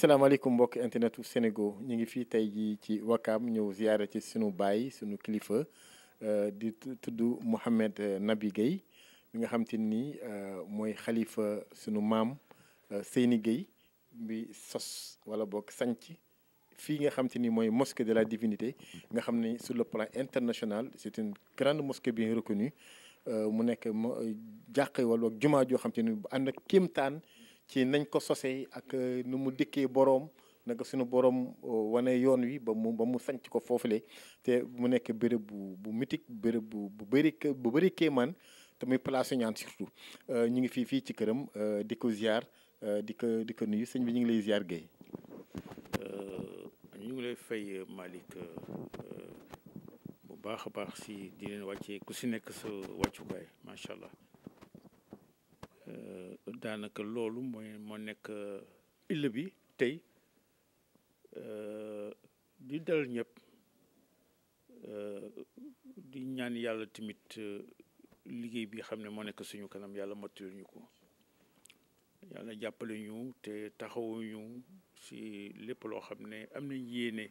salaamaaleykum mbokk internet u ñu ngi fii tey jii ci Wakaam ñëw ziyaara ci sunu baay sunu kilifa euh, di tudd Mouhamed euh, Nabi Guèye bi nga xam te ni euh, mooy xalifa sunu maam Seyni Guèye bi sos wala boog sanc fii nga xam te ni mooy mosque de la divinité nga xam ne sur le plan international c'est une grande bi bien reconnue mu nekk jàq wala jumaa joo xam te ni bu ànd ak kéemtaan ci nañ ko sosee ak euh, nu mu dikkee boroom naka suñu boroom euh, wane yoon wi ba mu ba mu sanc ko foofule te mu nekk béréb bu bu mythique béréb bu bu bëri bu bëri man te muy place ñaan surtout euh, ñu ngi fii fii ci këram di ko ziar di ko di ko nuyu sëñ bi ñu ngi lay ziar Guèye. ñu ngi lay fay Malick bu baax a baax si di leen wàccee ku si nekk sa wàccukaay macha allah. Euh, daanaka loolu mooy moo nekk euh, ëll bi tey euh, di dal ñëpp di ñaan yàlla tamit liggéey bi xam ne moo nekk suñu kanam yàlla mottali ko yàlla jàppale ñu te taxawuñu si lépp loo xam ne am nañ yéene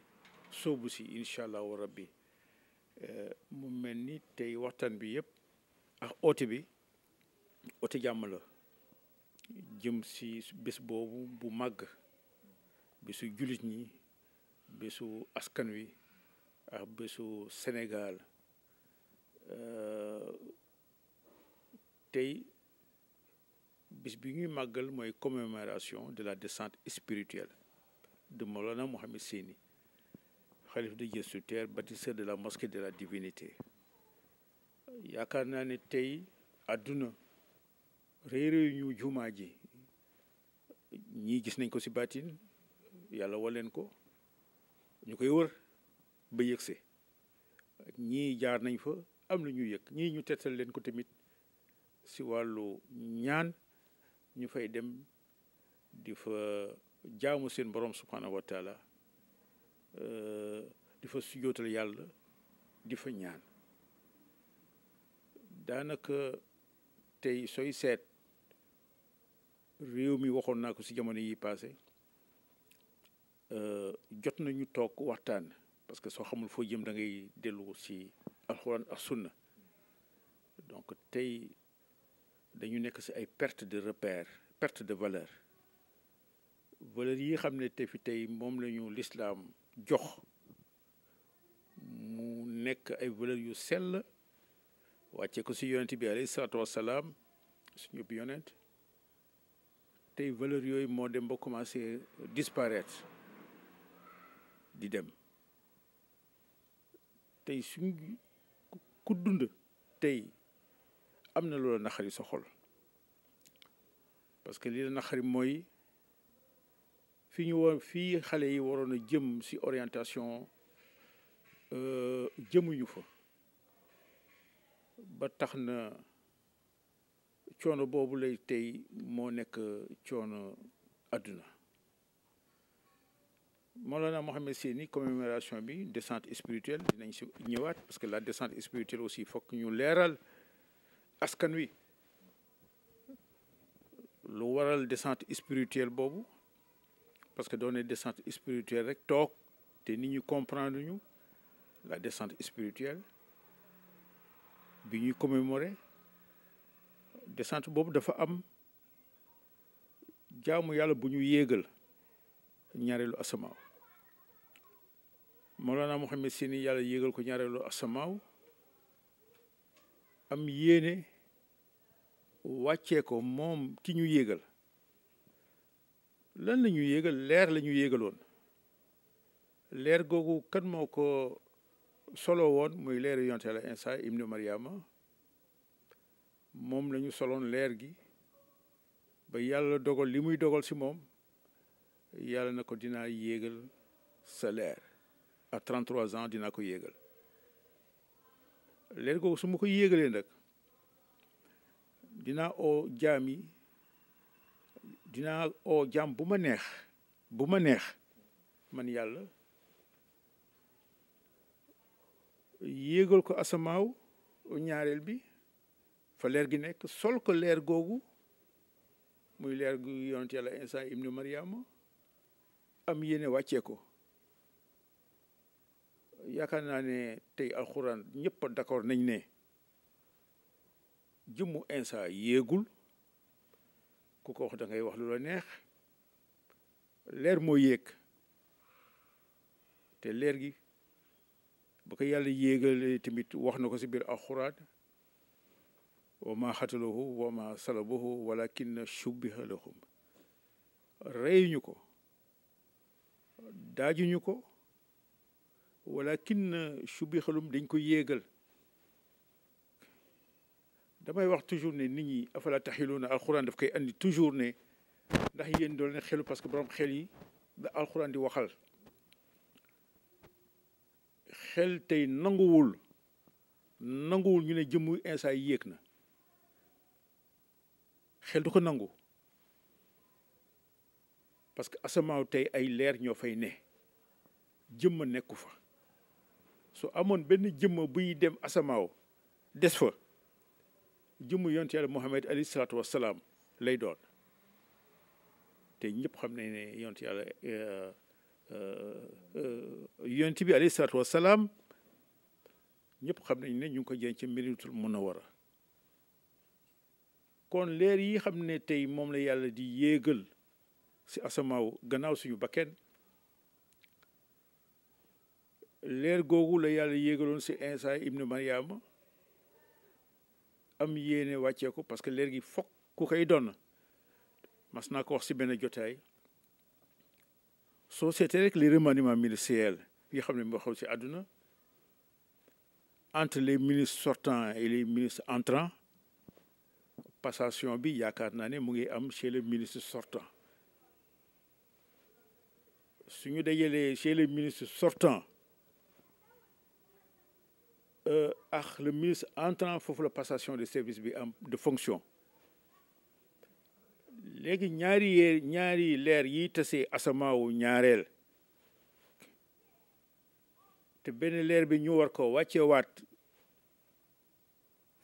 soobu si incha allahu rabbi mu mel ni tey waxtaan bi yëpp ak oote bi oote jàmm la jëm si bis boobu bu màgg bisu jullit ñi bésu askan wi ak bésu Sénégal tey bis bi ñuy màggal mooy commémoration de la descente spirituelle de moo Mohamed Séni xalif de Dieu su terre bâtisseur de la mosquée de la divinité yaakaar naa ne tey àdduna réeréew ñu jumaa ji ñii gis nañ ko si baatin yàlla waleen ko ñu koy wër ba yëgse ñii jaar nañ fa am lu ñu yëg ñii ñu tettal leen ko tamit si wàllu ñaan ñu fay dem di fa jaamu seen borom subhanahu wa euh, di fa sujootal yàlla di fa ñaan daanaka tey sooy seet réew mi waxoon naa ko ci jamono yi passé euh, jot nañu toog waxtaan parce que soo xamul foo jëm dangay ngay dellu ci alxuraan ak sunna donc tey dañu nekk ci ay perte de repère perte de valeur valeur yi xam ne te fi tey moom lañu lislaam jox mu nekk ay valeur yu sell wàcce ko ci yonent bi alayhi salaatu wassalaam suñu bi yonent tey valeur yooyu moo dem ba commencé disparaître di dem tey suñ ku dund tey am na loola naxari sa xol parce que li la naxari mooy fi ñu war fii xale yi waroon a jëm si orientation euh, jëmuñu fa ba tax na coono boobu lay tey moo nekk coono àdduna Mawlana Mohamed ni commémoration bi descente spirituelle dinañ si ñëwaat parce que la descente spirituelle aussi fokk ñu leeral askan wi lu waral descente spirituelle boobu parce que doone descente spirituelle rek toog te nit ñu comprendre ñu la descente spirituelle bi ñuy commémorer descente boobu dafa am jaamu yàlla bu ñu yéegal ñaareelu asamaaw moo xam Sini yàlla yéegal ko ñaareelu asamaaw am yéene wàccee ko moom ki ñu yéegal lan la ñu yéegal leer la ñu yéegaloon leer googu kan moo ko solo woon muy leer yonte instant Isa ibnu Mariama moom lañu soloon leer gi ba yàlla dogal li muy dogal ci moom yàlla na ko dinaa yéegal sa leer à 33 ans dinaa ko yéegal leer googu su ma ko yéegalee nag dinaa o jaam yi dinaa oo jaam bu ma neex bu ma neex man yàlla yéegal ko asamaaw ñaareel bi fa leer gi nekk sol ko leer googu muy leer gu yonent yàlla Isa ibnu Mariama am yéene wàccee ko yaakaar naa ne tey alxuraan ñëpp d'accord nañ ne jëmmu instant yéegul ku ko wax da ngay wax lu la neex leer moo yéeg te leer gi ba ko yàlla yéegal tamit wax na ko si biir alxuraan wa ma xataluhu wa ma salabuhu walakin shubbiha lahum reyuñu ko daajuñu ko walakin shubbiha lahum dañ ko yéegal damay wax toujours ne nit ñi afala taxiluuna alxuraan daf koy andi toujours ne ndax yéen dool ne xelu parce que borom xel yi da alxuraan di waxal xel tey nanguwul nanguwul ñu ne jëmmu instant yéeg na xel du ko nangu parce que asamaaw tey ay leer ñoo fay ne jëmma nekku fa su amoon benn jëmma buy dem asamaaw des fa jëmm yonent yàlla Muhammad alayhi salaatu wassalaam lay doon te ñëpp xam nañ ne yonent yàlla euh, euh, euh, yonent bi alayhi salaatu ñëpp xam nañ ne ñu ngi ko jën ci Madiinatul wara kon leer yi xam ne tey moom la yàlla di yéegal si asamaaw gannaaw suñu bakken leer googu la yàlla yégaloon si Insa ibnu Mariama am yéene wàccee ko parce que leer gi fokk ku koy doon mas naa ko wax ci benn jotaay soo seetee rek les remaniements ministériels yi xam ne moo xew ci àdduna entre les ministres sortants et les ministres entrants passation bi yaakaar naa ne mu ngi am chez le ministre sortant su ñu dajalee chez le ministre sortant euh, ak le ministre entrant foofu la passation de service bi am de fonction léegi ñaari yeer ñaari leer yi tasee wu ñaareel te benn leer bi ñu war ko wàccewaat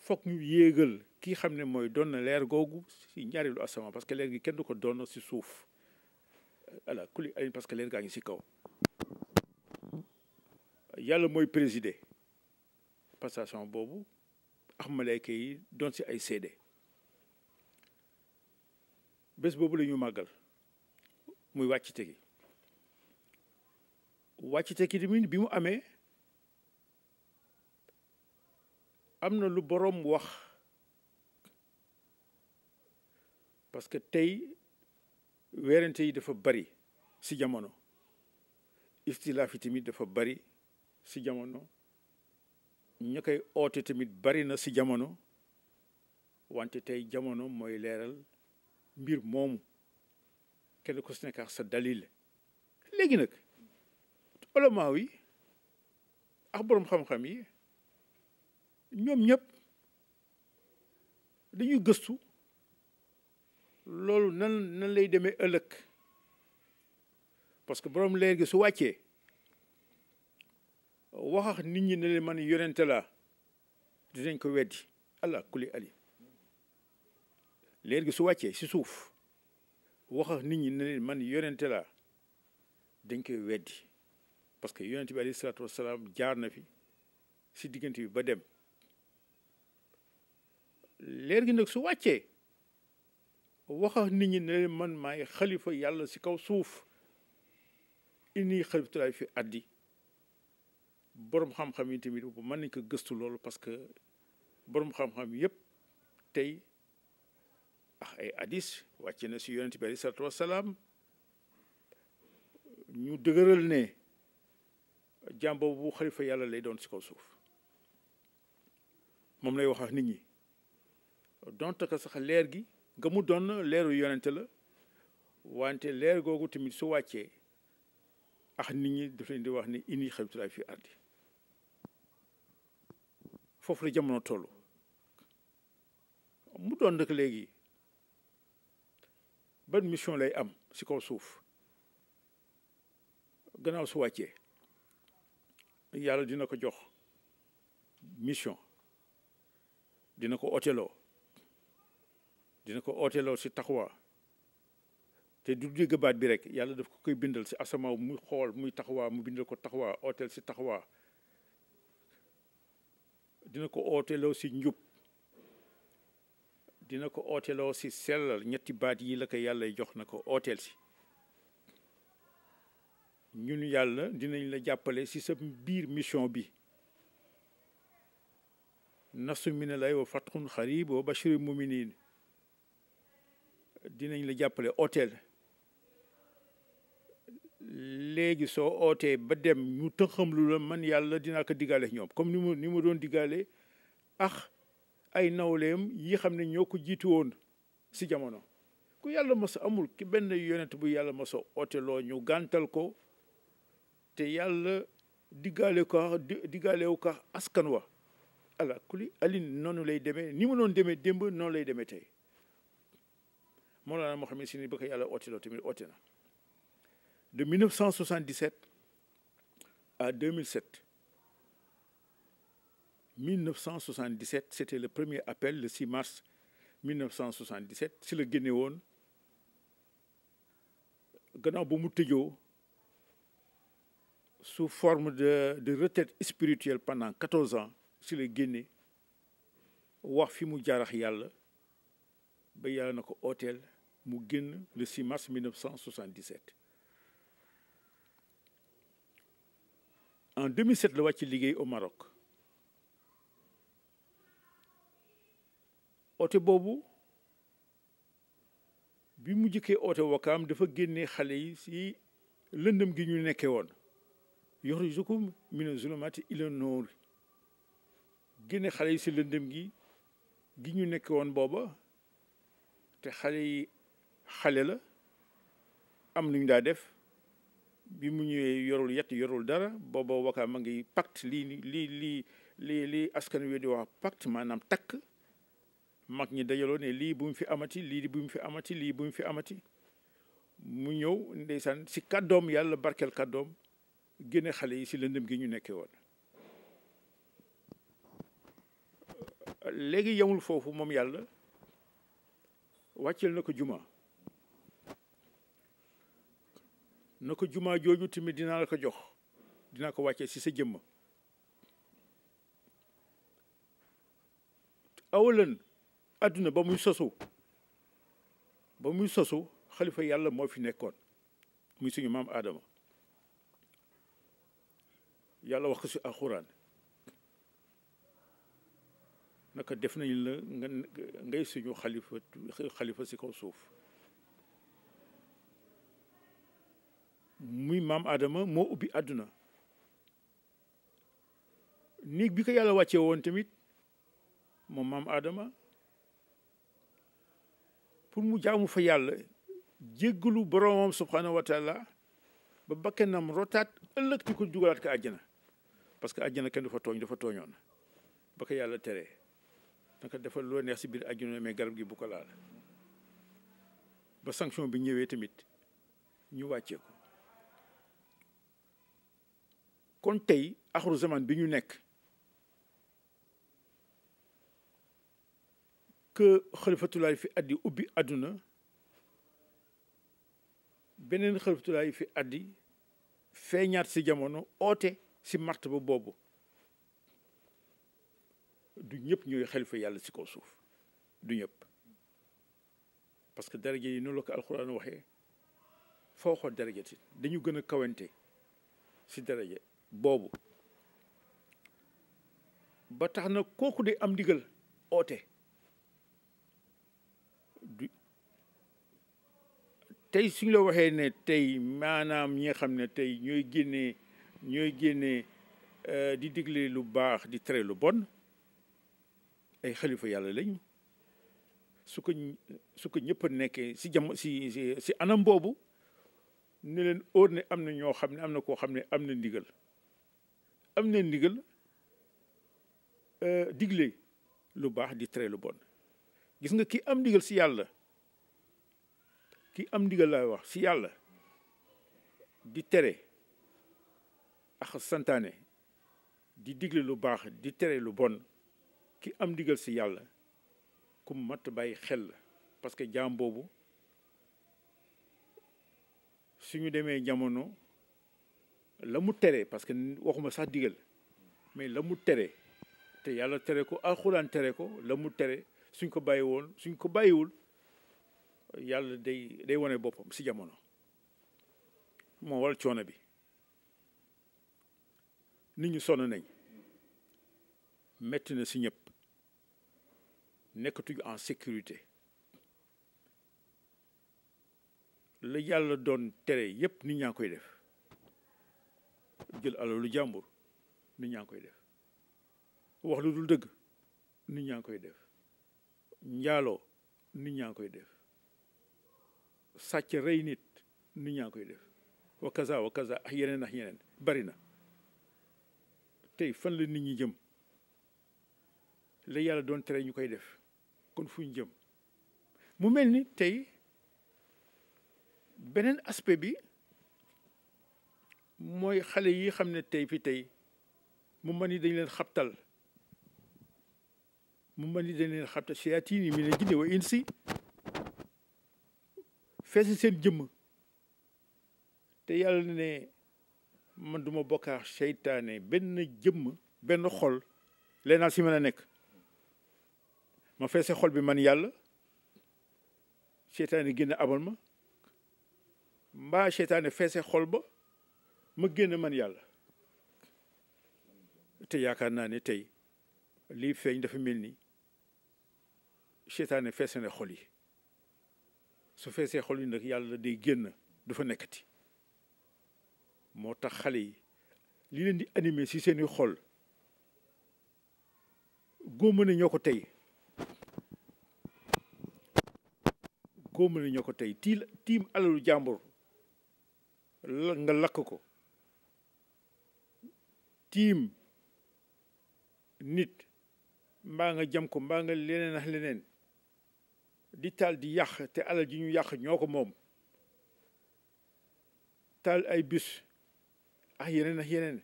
foog ñu yéegal ki xam ne mooy doon na leer googu si ñaareelu asamaan parce que leer gi kenn du ko doon si suuf voilà kuli ay parce que leer gaa ngi si kaw. yàlla mooy présider passation boobu ak malaaka yi doon si ay seede bés boobu la ñu màggal muy wàccite gi wàccite gi tamit bi mu amee am na lu boroom wax. parce que tey weerante yi dafa bari si jamono istilaaf yi tamit dafa bari si jamono ñu koy oote tamit bari na si jamono wante tey jamono mooy leeral mbir moomu kenn ku ci nekk ak sa dalil léegi nag ulamaa yi ak boroom xam-xam yi ñoom ñëpp dañuy gëstu loolu nan nan lay demee ëllëg parce que borom leer gi su wàccee waxax nit ñi ne leen man yonente laa dinañ ko weddi allah kulli ali leer su wàccee si suuf waxax nit ñi ne man yonente laa dañ koy weddi parce que yonente bi alayhi salaatu wasalaam jaar na fi si diggante bi ba dem leer gi nag su wàccee wax nit ñi ne leen man maay xalifa yàlla ci kaw suuf inni xalifatulaay fi addi boroom xam-xam yi tamit mën nañ ko gëstu loolu parce que boroom xam-xam yépp tey ah ay hadis wàcc na si yonent bi aleyhi salaatu wassalaam ñu dëgëral ne jàmm bu xalifa yàlla lay doon si kaw suuf moom lay wax nit ñi donte ko sax leer gi nga mu doon leeru yonente la wante leer googu tamit su wàccee ax ah, nit ñi daf leen di wax ni ini xabitulaay fii ardi foofu la jamono toll mu doon léegi ban mission lay am si kaw suuf gannaaw su wàccee yàlla dina ko jox mission dina ko oteloo dina ko ooteloo si taxawaa te du dégg baat bi rek yàlla daf ko koy bindal si asama muy xool muy taxawaa mu bindal ko taxawaa ooteel si taxawaa dina ko ooteloo si njub dina ko ooteloo si sellal ñetti baat yi la ko yàlla jox na ko ooteel si ñun yàlla dinañ la jàppale si sa biir mission bi nasu mi ne lay wa fatxun xarib wa bashiri muminin dinañ la jàppale hôtel léegi soo ootee ba dem ñu tëxamlu la man yàlla dina ko diggaale ñoom comme ni mu ni mu doon diggaale ax ay nawleem yi xam ne ñoo ko jiitu woon si jamono ku yàlla mos amul ki benn yonent bu yàlla mosa ooteloo ñu gàntal ko te yàlla diggaale ko diggaalewu ko askan wa ala li alin noonu lay demee ni mu doon demee demb noonu lay demee tey Mawlana Mohamed Sini ba ko yàlla ooteloo tamit oote na de 1977 à 2007 le premier appel le 6 mars 1977 si la génne woon gannaaw ba mu tëjoo sous forme de de retraite pendant 14 ans si la génne wax fi mu jaarax yàlla ba yàlla na ko ooteel mu génn le 6 mars 1977 en 2007 la wàcc liggéey au Maroc oote boobu bi mu jëkkee oote wakaam dafa génne xale yi si lëndëm gi ñu nekkee woon yuxrijukum mi zulumaati ila nuur génne xale yi si lëndëm gi gi ñu nekkee woon booba te xale yi xale la am lu daa def bi mu ñëwee yorul yett yorul dara booba wakaam ma ngi pacte lii lii lii lii lii askan wi di maanaam takk mag ñi dajaloo ne lii bu mu fi amati lii bu mu fi amati lii bu mu fi amati mu ñëw ndeysaan si kaddoom yàlla barkeel kàddoom génne xale yi si lëndëm gi ñu nekkee woon léegi yamul foofu moom yàlla wàcceel na ko juma na ko jumaa jooju tamit dinaa la ko jox dinaa ko wàccee ci sa jëmm awlan àdduna ba muy sosu ba muy sosu xalifa yàlla moo fi nekkoon muy suñu maam aadama yàlla wax ko ci alxuraan naka def nañu la nga ngay suñu xalifa si kaw suuf muy maam aadama moo ubbi àdduna néeg bi ko yàlla wàcce woon tamit moom maam aadama pour mu jaamu fa yàlla jéggalu boromam subhanahu wa taala ba bakkanam rotaat ëllëg ci ko dugalaat ko àjjana parce que àjjana kenn du fa tooñ dafa tooñoon ba ko yàlla tere naka dafa loo neex si biir àjjana mais garab gi bu ko laal ba sanction bi ñëwee tamit ñu wàcce ko kon tey axaru zaman bi ñu nekk que xalifatulaay fi addi ubbi àdduna beneen xalifatulaay fi addi feeñaat si jamono oote si martaba boobu du ñëpp ñooy xalifa yàlla si kaw suuf du ñëpp parce que daraja yi noonu la ko alxuraan waxee foo xool daraja dañu gën a kawante si daraja boobu ba tax na kooku de am ndigal oote du tey suñ la waxee ne tey maanaam ñi nga xam ne tey ñooy génnee ñooy génnee euh, di digle lu baax di tere lu bon ay xalifa yàlla lañu su ko su ñëpp a nekkee si jam si si anam boobu ne leen óor ne am na ñoo xam ne am na koo xam ne am na ndigal am na ndigal euh, digle lu baax di tere lu bon gis nga ki am ndigal si yàlla ki am ndigal lay wax si yàlla di tere ak santaane di digle lu baax di tere lu bon ki am ndigal si yàlla ku mat bàyyi xel la parce que jaam boobu su ñu demee jamono la mu tere parce que waxuma sax diggal mais la mu tere te yàlla tere ko alxuraan tere ko la mu tere suñ ko bàyyi suñ ko bàyyiwul yàlla day day wane boppam si jamono moo waral coono bi nit ñu sonn nañ metti na si ñëpp nekkatuñu en sécurité la yàlla doon tere yëpp nit ñaa koy def jël lu jàmbur nit ñaa koy def wax lu dul dëgg nit ñaa koy def njaaloo nit ñaa ngi koy def sàcc rey nit nit ñaa koy def wa kaza ak yeneen ak yeneen bari na tey fan la nit ñi jëm la yàlla doon tere ñu koy def kon fu ñu jëm mu mel ni tey beneen aspect bi mooy xale yi xam ne tey fi tey mu mën ni dañ leen xabtal mu mën ni dañ leen xabtal seyaatiin yi mi ne jinne wa insi feesi seen jëmm te yàlla ne man duma bokka seytaane benn jëmm benn xol leenaa si mën a nekk ma feese xol bi man yàlla seytaane génn abal ma mbaa seytaane feese xol ba ma génn man yàlla te yaakaar naa ne tey lii feeñ dafa mel ni seytaane feese na xol yi su feesee xol yi nag yàlla day génn du fa nekkati moo tax xale yi li leen di animé si seeni xol góoma ne ñoo ko tey góoma ne ñoo ko tey tiil tii alalu jàmbur la nga lakk ko tiim nit mbaa nga jam ko mbaa nga leneen ak leneen di taal di yàq te alal ji ñu yàq ñoo ko moom taal ay bus ak yeneen ak yeneen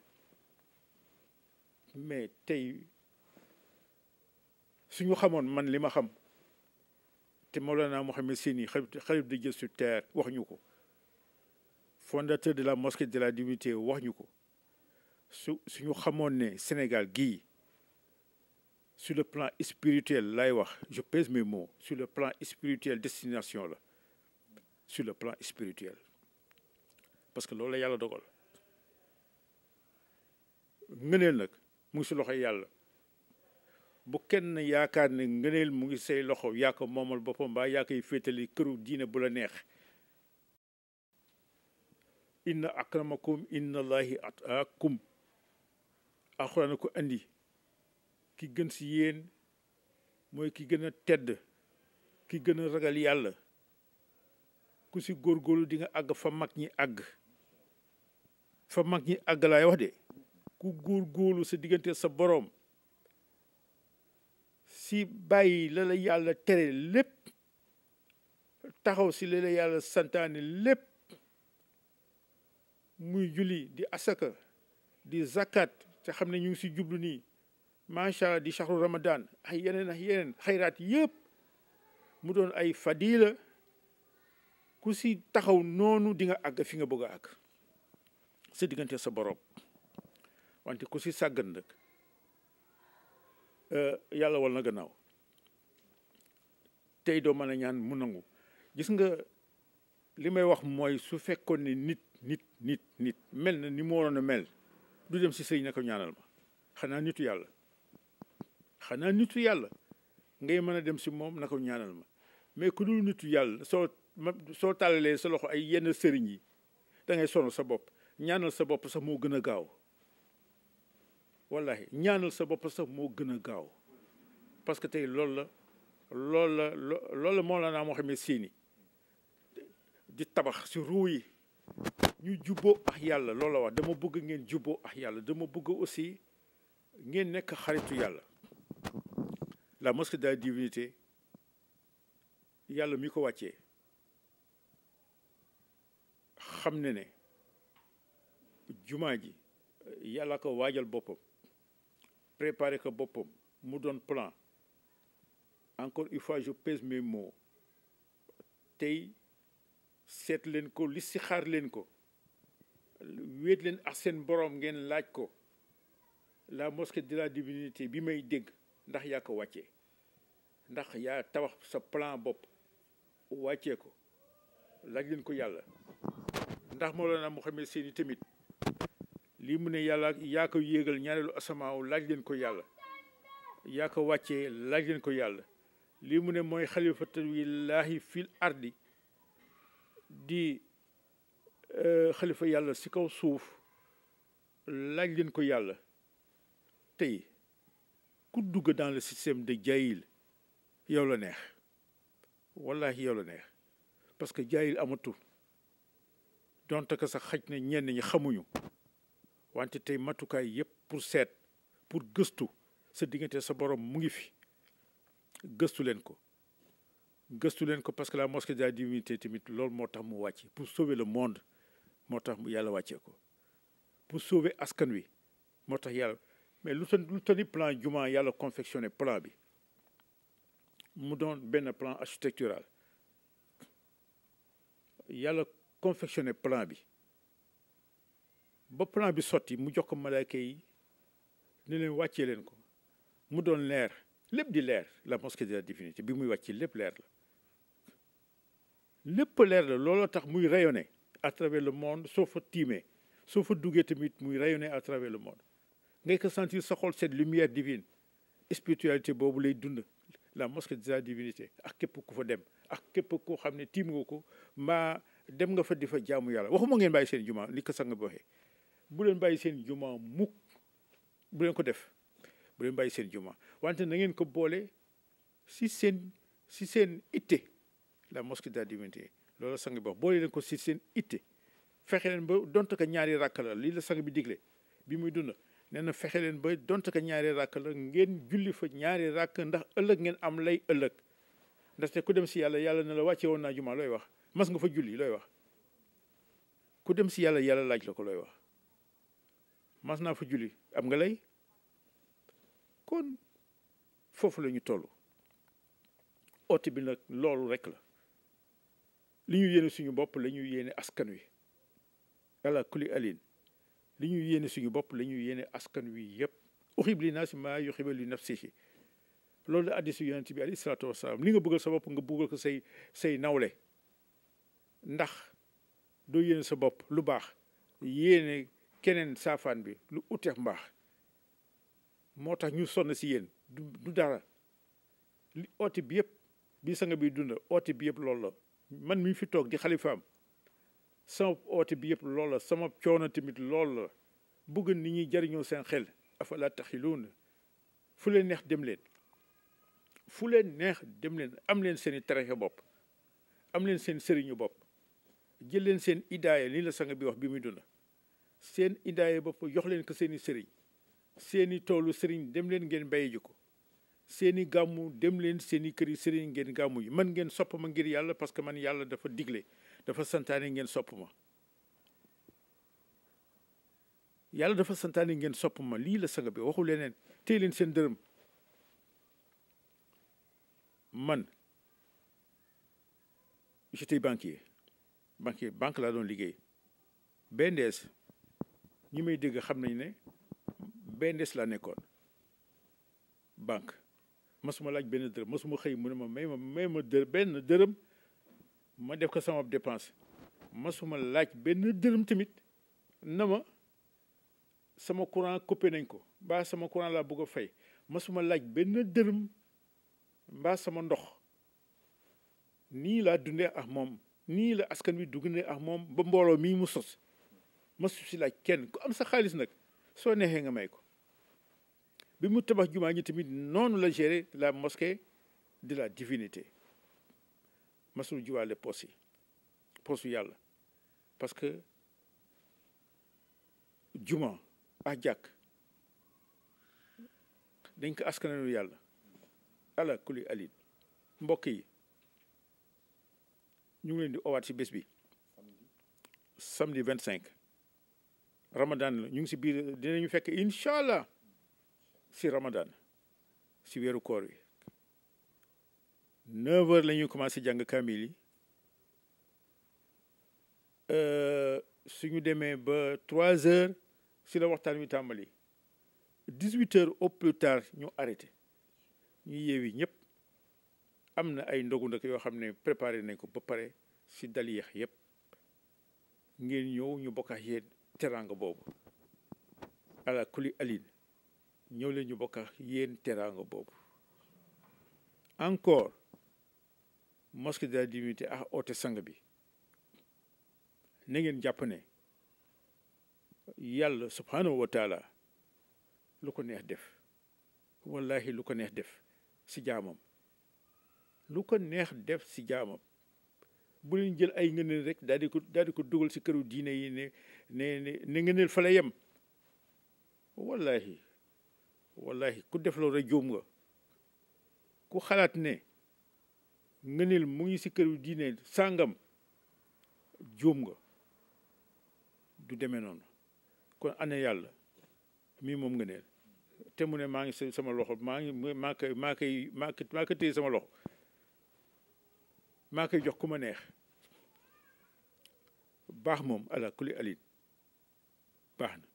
mais tey suñu xamoon man li ma xam te Mawlana Mohamed Sini xalif de Dieu sur terre wax ñu ko fondateur de la mosquée de la divinité wax ñu ko su ñu xamoon ne Sénégal gii su le plan spirituel lay wax je pèse mes mots sur le plan spirituel destination la su le plan spirituel parce que loolu la yàlla dogal ngëneel nag mu ngi si loxo yàlla bu kenn yaakaar ne ngëneel mu ngi say loxo yaa ko moomal boppam mbaa yaa yi féetali këru diine bu la neex inna akramakum inna allahi ataakum a ko andi ki gën si yéen mooy ki gën a tedd ki gën a ragal yàlla ku si góorgóorlu di nga àgg fa mag ñi àgg fa mag ñi àgg laay wax de ku góorgóorlu sa diggante sa boroom si bàyyi la la yàlla tere lépp taxaw si la la yàlla santaane lépp muy julli di asaka di zakat te xam ne ñu ngi si jublu nii macha allah di shahru ramadan ay yeneen ak yeneen xayraat yëpp mu doon ay fadila ku si taxaw noonu di nga àgg fi nga bëgg ak àgg sa diggante sa borom wante ku si sàggan nag eh, yàlla wal na gannaaw tey doo mën a ñaan mu nangu gis nga li may wax mooy su fekkoon ne nit nit nit nit mel na ni mu waroon a mel du dem si sëriñ na ko ñaanal ma xanaa nitu yàlla xanaa nitu yàlla ngay mën a dem si moom na ko ñaanal ma mais ku dul nitu yàlla soo ma soo tàllalee sa loxo ay yenn sëriñ yi da ngay sonal sa bopp ñaanal sa bopp sax moo gën a gaaw wallahi ñaanal sa bopp sax moo gën a gaaw parce que tey loolu la loolu la loolu la moo la naa moo xam ne siini di tabax si ruu yi ñu jubboo ak yàlla loolu la wax dama bëgg ngeen jubboo ak yàlla dama bëgg aussi ngeen nekk xaritu yàlla la mosquée de la divinité yàlla mi ko wàccee xam ne ne jumaa ji yàlla ko waajal boppam préparé ko boppam mu doon plan encore une fois je pèse mes mots tey seet leen ko listixaar leen ko wéet leen ak seen boroom ngeen laaj ko la mosquée de la divinité bi may dégg ndax yaa ko wàccee ndax yaa tabax sa plan bopp wàccee ko laaj leen ko yàlla ndax Mawlana Mouhamed Seyni tamit lii mu ne yàlla yaa ko yéegal ñaareelu asamaaw laaj leen ko yàlla yaa ko wàccee laaj leen ko yàlla lii mu ne mooy xalifatul laahi fil ardi di euh, xalifa yàlla si kaw suuf laaj leen ko yàlla tey ku dugg dans le système de jaayil yow la neex wallaahi yow la neex parce que jaayil amatul donte que sax xaj na ñenn ñi xamuñu wante tey matukaay yëpp pour seet pour gëstu sa diggante sa borom mu ngi fi gëstu leen ko gëstu leen ko parce que la mosquée de la divinité tamit loolu moo tax mu wàcc pour sauver le monde moo tax yàlla wàccee ko pour sauver askan wi moo tax yàlla mais lu lu tani plan jumaa yàlla confectionné plan bi mu doon benn plan architectural yàlla confectionné plan bi ba plan bi sotti mu jox ko malaaka yi ne leen wàccee leen ko mu doon leer lépp di leer la mosquée de la divinité bi muy wàcc lépp leer la lépp leer la looloo tax muy rayonner à travers le monde soo fa tiimee soo fa duggee tamit muy rayonner à travers le monde ngay ko sentir sa xol cette lumière divine spiritualité boobu lay dund la mosquée de la divinité ak képp ku fa dem ak képp koo xam ne tiim nga ko mbaa dem nga fa di fa jaamu yàlla waxuma ngeen bàyyi seen juma li ko sang bi waxee bu leen bàyyi seen juma muk bu leen ko def bu leen bàyyi seen juma wante na ngeen ko boolee si seen si seen itte la mosquée de la divinité loolu sang bi wax boole leen ko si seen itte fexe leen ba dont ka ñaari rakk la lii la sang bi digle bi muy dunda nee na fexe leen ba dont ka ñaari rakk la ngeen julli fa ñaari ràkk ndax ëllëg ngeen am lay ëllëg ndaxte ku dem si yàlla yàlla ne la wàcce woon naa juma looy wax mas nga fa julli looy wax ku dem si yàlla yàlla laaj la ko looy wax mas naa fa julli am nga lay kon foofu la ñu toll oote bi nag loolu rek la li ñu yéene suñu bopp la yéene askan wi ala alin li ñu yéene suñu bopp la yéene askan wi yëpp uxib li naasi maa yuxiba li loolu la hadiisu yonent bi alayhi salaatu li nga bëggal sa bopp nga bëggal ko say say nawle ndax doo yéene sa bopp lu baax yéene keneen saafaan bi lu uteex mbaax moo tax ñu sonn si yéen du dara li oote bi yëpp bi sanga bi dund oote bi yëpp loolu la man mi fi toog di xalifaam sama oote bi yëpp lool la sama coono tamit lool la bëgg nit ñuy jariñoo seen xel afala taxiluun fu leen neex dem leen fu leen neex dem leen am leen seen i tarixe bopp am leen seen sëriñu bopp jël leen seen idaaya lii la sang bi wax bi muy dund seen idaaya bopp jox leen ko seeni i sëriñ seen toolu sëriñ dem leen ngeen bayi ko seeni gàmmu dem leen seeni kër yi sëriñ ngeen gàmmu yi man ngeen sopp ma ngir yàlla parce que man yàlla dafa digle dafa santaane ngeen sopp ma yàlla dafa santaane ngeen sopp ma lii la sanga bi waxu leneen tey leen seen dërëm man j'étais banquier banquier banque laa doon liggéey BNDES ñi may dégg xam nañ ne BNDES laa nekkoon banque masuma laaj benn dërëm masuma xëy mu ne ma may ma may ma dër benn dërëm ma def ko sama dépense masuma laaj benn dërëm tamit na ma sama courant coupé nañ ko mbaa sama courant laa bëgg a fay masuma laaj benn dërëm mba sama ndox nii laa dundee ak moom nii la askan wi dugg dundee ak moom ba mbooloo mii mu sos masu si laaj kenn ku am sa xaalis nag soo neexee nga may ko bi mu tabax jumaa ñi tamit noonu la géré la mosquée de la divinité masul juwaale poos yi poosu yàlla parce que juma ak jàkk dañ ko askananu yàlla ala kuli alit mbokk yi ñu ngi leen di owaat ci bés bi samedi vingt cinq ramadan la ñu ngi si biir ñu fekk incha allah si Ramadan si weeru koor wi neuf heures la ñuy commencé jàng kaamil yi euh, suñu demee ba trois heures si la waxtaan wi tàmbali dix huit heures au plus tard ñu arrêté ñu yeewi ñëpp am na ay ndogu ndek yoo xam ne préparé nañ ko ba pare si dal yeex yëpp ngeen ñëw ñu bokk ak yéen teraanga boobu ala kuli alin ñëw leen ñu bokk ak yéen teraanga boobu encore mosquée de la divinité ak oote sang bi na ngeen jàpp ne yàlla subhanahu wa lu ko neex def wallahi lu ko neex def si jaamam lu ko neex def si jaamam bu leen jël ay ngëneel rek daal di ko daal dugal si këru diine yi ne ne ne ngëneel fa la yem wallahi wallahi ku def loolu rek juum nga ku xalaat ne ngëneel mu ngi si kër këru diine sàngam juum nga du demee noonu kon ana yàlla mii moom ngëneel te mu ne maa ngi sama loxo maa ngi maa koy maa koy maa koy téye sama maa koy jox ku ma neex baax moom ala kuli alit baax na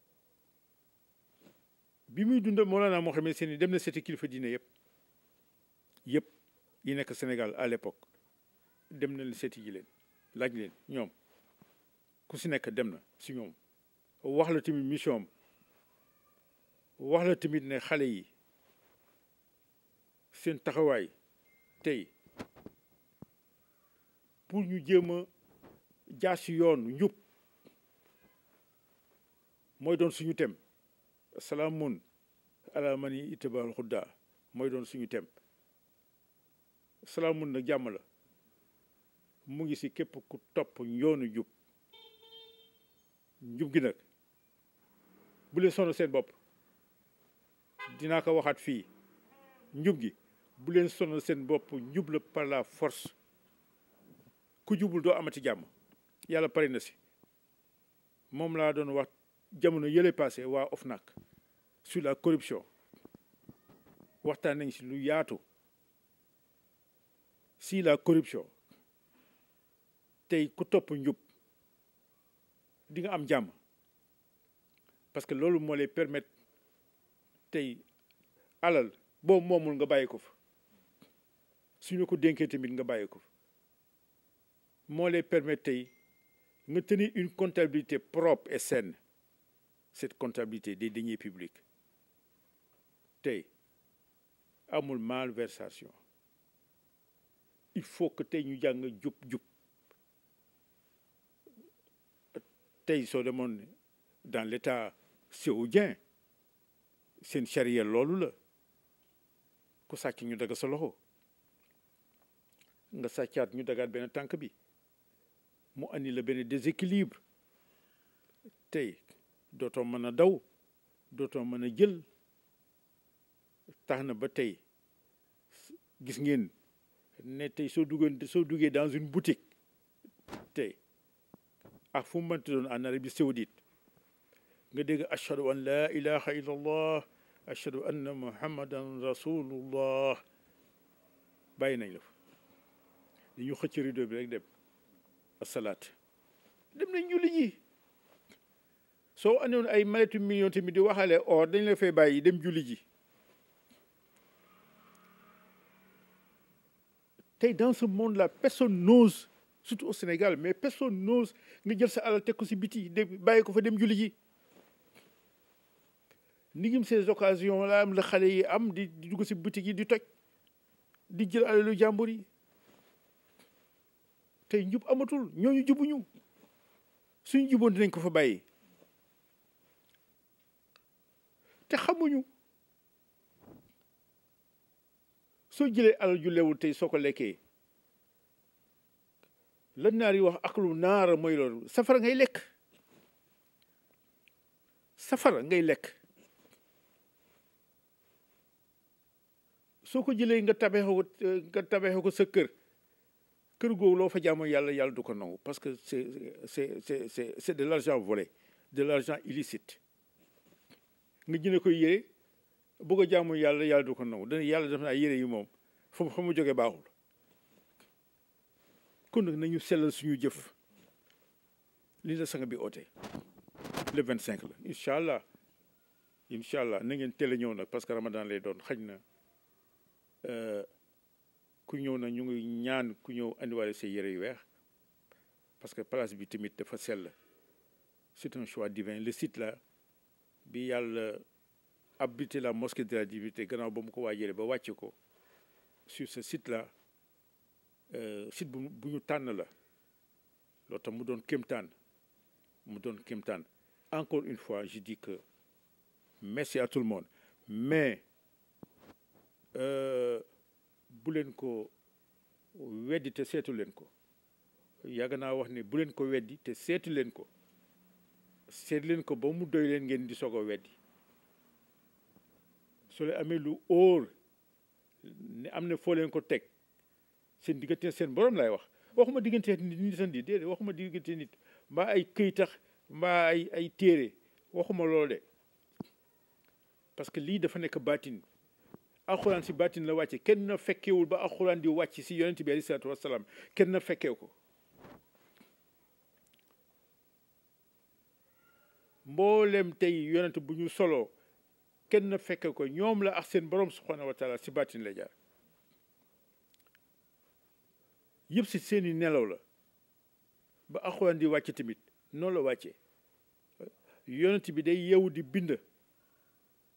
bi muy moo moo Mawlana Mohamed Seyni dem na seeti kilifa diine yëpp yëpp yi nekk Sénégal à l'époque dem na seeti ji leen laaj leen ñoom ku si nekk dem na si ñoom wax la tamit mission am wax la tamit ne xale yi seen taxawaay tey pour ñu jéem a jaar si yoon njub mooy doon suñu tem salaamun ala man yi ittibaal xuddaa mooy doon suñu tem salaamun nag jàmm la mu ngi si képp ku topp yoonu jub njub gi nag bu leen sonal seen bopp dinaa ko waxaat fii njub gi bu leen seen bopp njub la par la force ku jubul doo amati jàmm yàlla pare na si moom laa doon wax jamono yële passé waa OFNAC sur la corruption waxtaan nañ si lu yaatu si la corruption tey ku topp njub di nga am jàmm parce que loolu moo lay permettre tey alal boo moomul nga bàyyi ko fa suñu ko dénkee tamit nga bàyyi ko fa moo lay permettre tey nga tenir une comptabilité propre et saine cette comptabilité des deniers publics tey amul malversation il faut que tey ñu jàng jub jub tey soo demoon dans l'état saoudien seen charia loolu la ku sàcc ñu daga sa loxo nga sàccaat ñu dagaat benn tànk bi mu andi la benn déséquilibre tey dootoo mën a daw dootoo mën a jël tax na ba tey gis ngeen ne tey soo duggee duggee dans une boutique tey ak fu mu doon en Arabie Saoudite nga dégg ashhadu an laa ilaha illa allah ashhadu anna muhammadan rasulullah bàyyi nañ la fa dañu xëcc rido bi rek dem asalaat dem nañ julli ji soo andoon ay maletu million tamit di waxale or dañ la fay bàyyi dem julli ji tey dans ce monde là personne n'ose surtout au Sénégal mais personne noos nga jël sa alal teg ko si biti de bàyyi ko fa dem julli ji ni ngim ces occasions la am la xale yi am di dugg si boutique yi di toj di jël alalu jàmbur yi tey njub amatul ñooñu jubuñu suñu juboon dinañ ko fa bàyyi te xamuñu soo jëlee alal ju lewul tey soo ko lekkee lan naar yi wax aklu naara mooy loolu safara ngay lekk safara ngay lekk soo ko jëlee nga tabaxe ko nga tabaxe ko sa kër kër googu loo fa jaamoo yàlla yàlla du ko nangu parce que c'est c'est c'est c'est de l'argent volé de l'argent illicite nga jëne koy yére bëgg a jaamu yàlla yàlla du ko nangu yàlla def na yére yi moom fu mu fa mu jógee baaxul kon nag nañu sellal suñu jëf li la sang bi oote le vingt cinq la incha allah incha allah na ngeen teel ñëw nag parce que ramadan lay doon xaj na euh, ku ñëw na ñu ngi ñaan ku ñëw andiwaale say yére yu weex parce que place bi tamit dafa sell c'est un choix divin le site là bi yàlla abriter la mosquée de la divinité gannaaw ba mu ko waajalee ba wàcce ko sur ce site là euh, site bu bu ñu tànn la loolu tam mu doon kéemtaan mu doon kéemtaan encore une fois je dis que merci à tout mais euh, bu leen ko weddi te seetu leen ko yàgg naa wax ne bu leen ko weddi te seetu leen ko seet leen ko ba mu doy leen ngeen di soog a weddi su amee lu óor ni am na foo leen ko teg seen diggante seen borom lay wax waxuma diggante nit seen di déedéet waxuma diggante nit mbaa ay këyitax mbaa ay téere waxuma loolu de parce que lii dafa nekk baatin alxuraan si baatin la wàcce kenn na fekkewul ba alxuraan di wàcc si yonent bi alayhi salaatu wasalaam kenn na fekkew ko mboolem tey yonent bu ñu soloo kenn fekk ko ñoom la ak seen borom subhanahu wa si baatin la jaar yépp si seeni nelaw la ba alxuraan di wàcce tamit noonu la wàccee yonent bi day yeewu di bind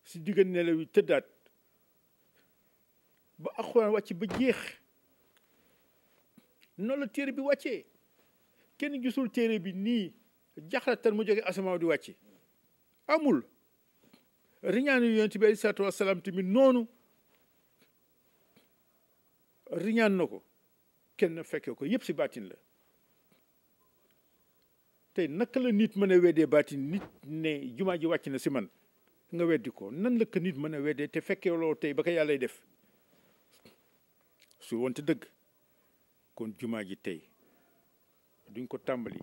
si diggan nelaw yi tëddaat ba alxuraan wàcc ba jeex noonu la téere bi wàcce kenn gisul téere bi nii jaxlataan mu jógee asamaan di wàcce amul riñaan riñaanu yonent bi alayhi salaatu wasalaam tamit noonu riñaan na ko kenn fekkee ko yëpp si baatin la tey naka la nit mën a weddee baatin nit ne juma ji wàcc na si man nga weddi ko nan la ko nit mën a weddee te fekkee loo tey ba ko yàllay def su wonte dëgg kon jumaa ji tey duñ ko tàmbali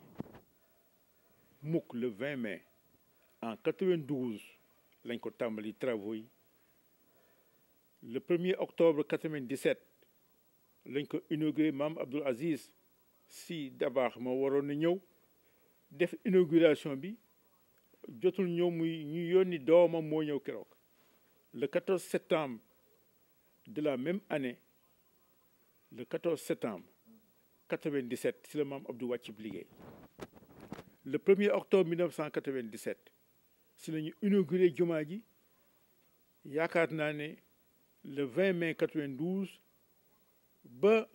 mukk le vingt mai en 92 lañ ko tàmbali travoy yi le 1er octobre 97 lañ ko inauguré maam Abdoul Aziz si dabaax ma waroon na ñëw def inauguration bi jotul ñëw muy ñu yonni doomam moo ñëw keroog le 14 septembre de la même année le 14 septembre 97 si la maam Abdou wàccib liggéey le 1er octobre 1997 si la ñu jumaa ji yaakaar naa ne le 20 mai 92 ba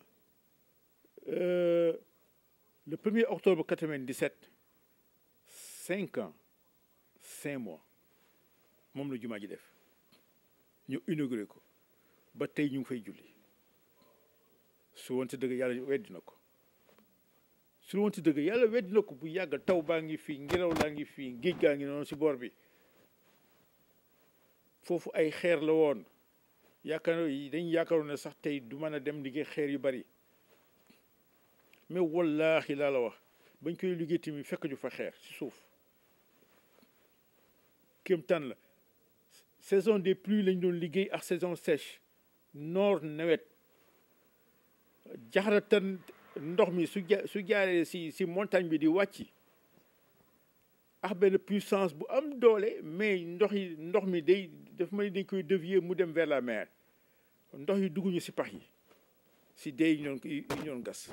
euh, le 1er octobre 97 cinq ans cinq mois moom la jumaa ji def ñu inauguré ko ba tey ñu ngi fay julli su woon si dëgg yàlla weddi na ko su woon ci dëgg yàlla weddi na ko bu yàgg taw baa ngi fii ngelaw laa ngi fii géej gaa ngi noonu si boor bi foofu ay xeer la woon yaakaar dañ yaakaaroon ne sax tey du mën a dem liggéey xeer yu bari mais wallaahi laa la wax bañ koy liggéey tamit fekk ju fa xeer ci suuf kéemtaan la saison des pluies lañ doon liggéey ak saison sech noor nawet jaxaratan ndox mi su ja su jaaree si si montagne bi di wàcc ax benn puissance bu am doole mais ndox yi ndox mi day daf may dañ koy dévier mu dem vers la mer ndox yi dugguñu si pax yi si dee yi ñoon gas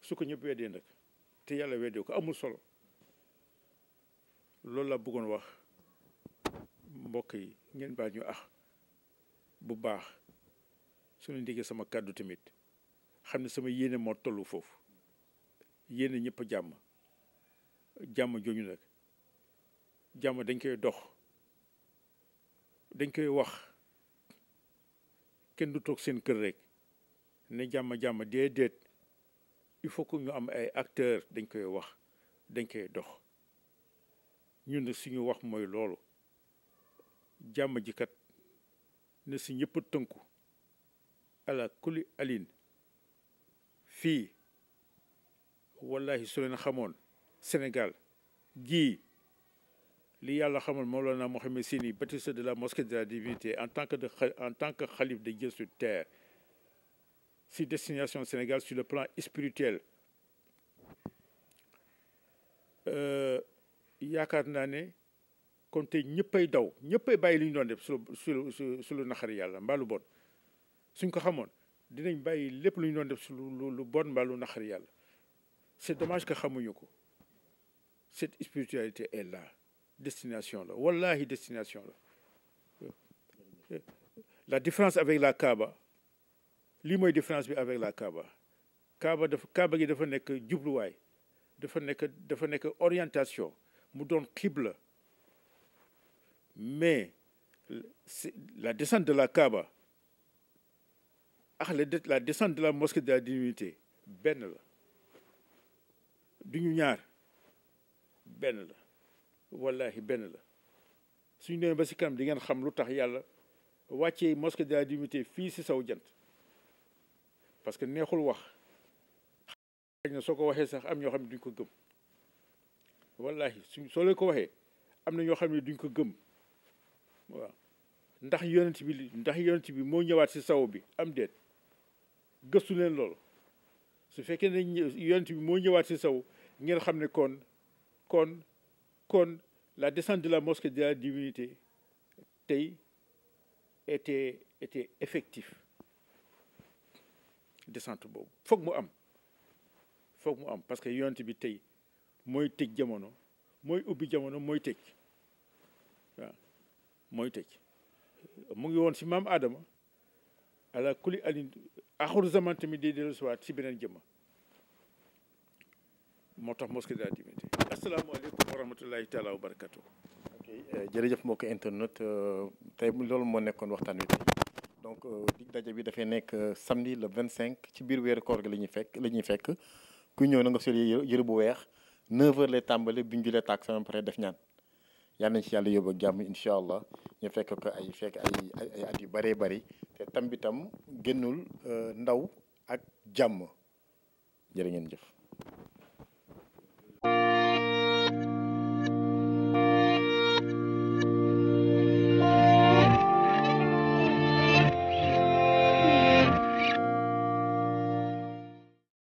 su ko ñëpp weddee nag te yàlla weddee ko amul solo loolu la bëggoon wax mbokk yi ngeen baal ñu ax bu baax su leen déggee sama kàddu tamit xam ne sama yéene moo tollu foofu yéene ñëpp jàmm jàmm jooju nag jàmm dañ koy dox dañ koy wax kenn du toog seen kër rek ne jàmm jàmm déet il faut que ñu am ay acteurs dañ koy wax dañ koy dox ñun nag suñu wax mooy loolu jàmm ji kat ne si ñëpp tënku ala kulli aliin fii wallahi su leen xamoon Sénégal gii li yàlla moo Mawlana Mohamed Sini bâtisseur de la mosquée de la divinité en tant que de en tant que xalif de Dieu sur terre si destination Sénégal sur le plan spirituel euh, yaakaar naa ne kon tey ñëppay daw ñëppay bàyyi li ñu doon def su su su lu naxari yàlla mbaalu bon suñ ko xamoon dinañ bàyyi lépp lu ñu doon def si lu lu bon mbaa lu naqari yàlla c'est dommage que xamuñu ko cette spiritualité est là destination la wallahi destination la la différence avec la Kaaba lii mooy différence bi avec la Kaaba Kaaba dafa Kaaba gi dafa nekk jubluwaay dafa nekk nekk orientation mu doon xibla mais la descente de la Kaaba ah la descente de la mosquée de la divinité benn la du ñu ñaar benn la wallahi benn la suñu nee ba si kanam di ngeen xam lu tax yàlla wàccee mosquée de la divinité fii si saw jant parce que neexul wax xaj soo ko waxee sax am ñoo xam ne duñ ko gëm wallahi suñ soo ko waxee am na ñoo xam ne duñ ko gëm waaw ndax yonent bi ndax yonent bi moo ñëwaat si saw bi am déet gëstu leen loolu su fekkee ne yonent bi moo ñëwaat si saw ngeen xam ne kon kon kon la descente de la mosquée de la divinité tey était était effectif descente boobu foog mu am foog mu am parce que yonent bi tey mooy tëj jamono mooy ubbi jamono mooy tëj waaw mooy tëj mu ngi woon si maam aadama ala kuli alin axaru mi tamit day dellusiwaat si beneen jëmm moo tax mosquée de la divinité asalaamaaleykum wa rahmatulahi wa barakatu ok euh, jërëjëf mbokk internet euh, tey loolu moo nekkoon waxtaan wi tey donc euh, dig daje bi dafay nekk samedi le 25 ci biir weeru koor gi la ñuy fekk la ñuy fekk ku ñëw na nga sol yëre bu weex 9h tàmbali tàmbale ñu julee tàkk sama pare def ñaan yal nañ si yàlla yóbbu ak jàmm incha allah ñu fekk ko ay fekk ay ay at yu bëree bëri te tam bi tam génnul euh, ndaw ak jàmm jërë ngeen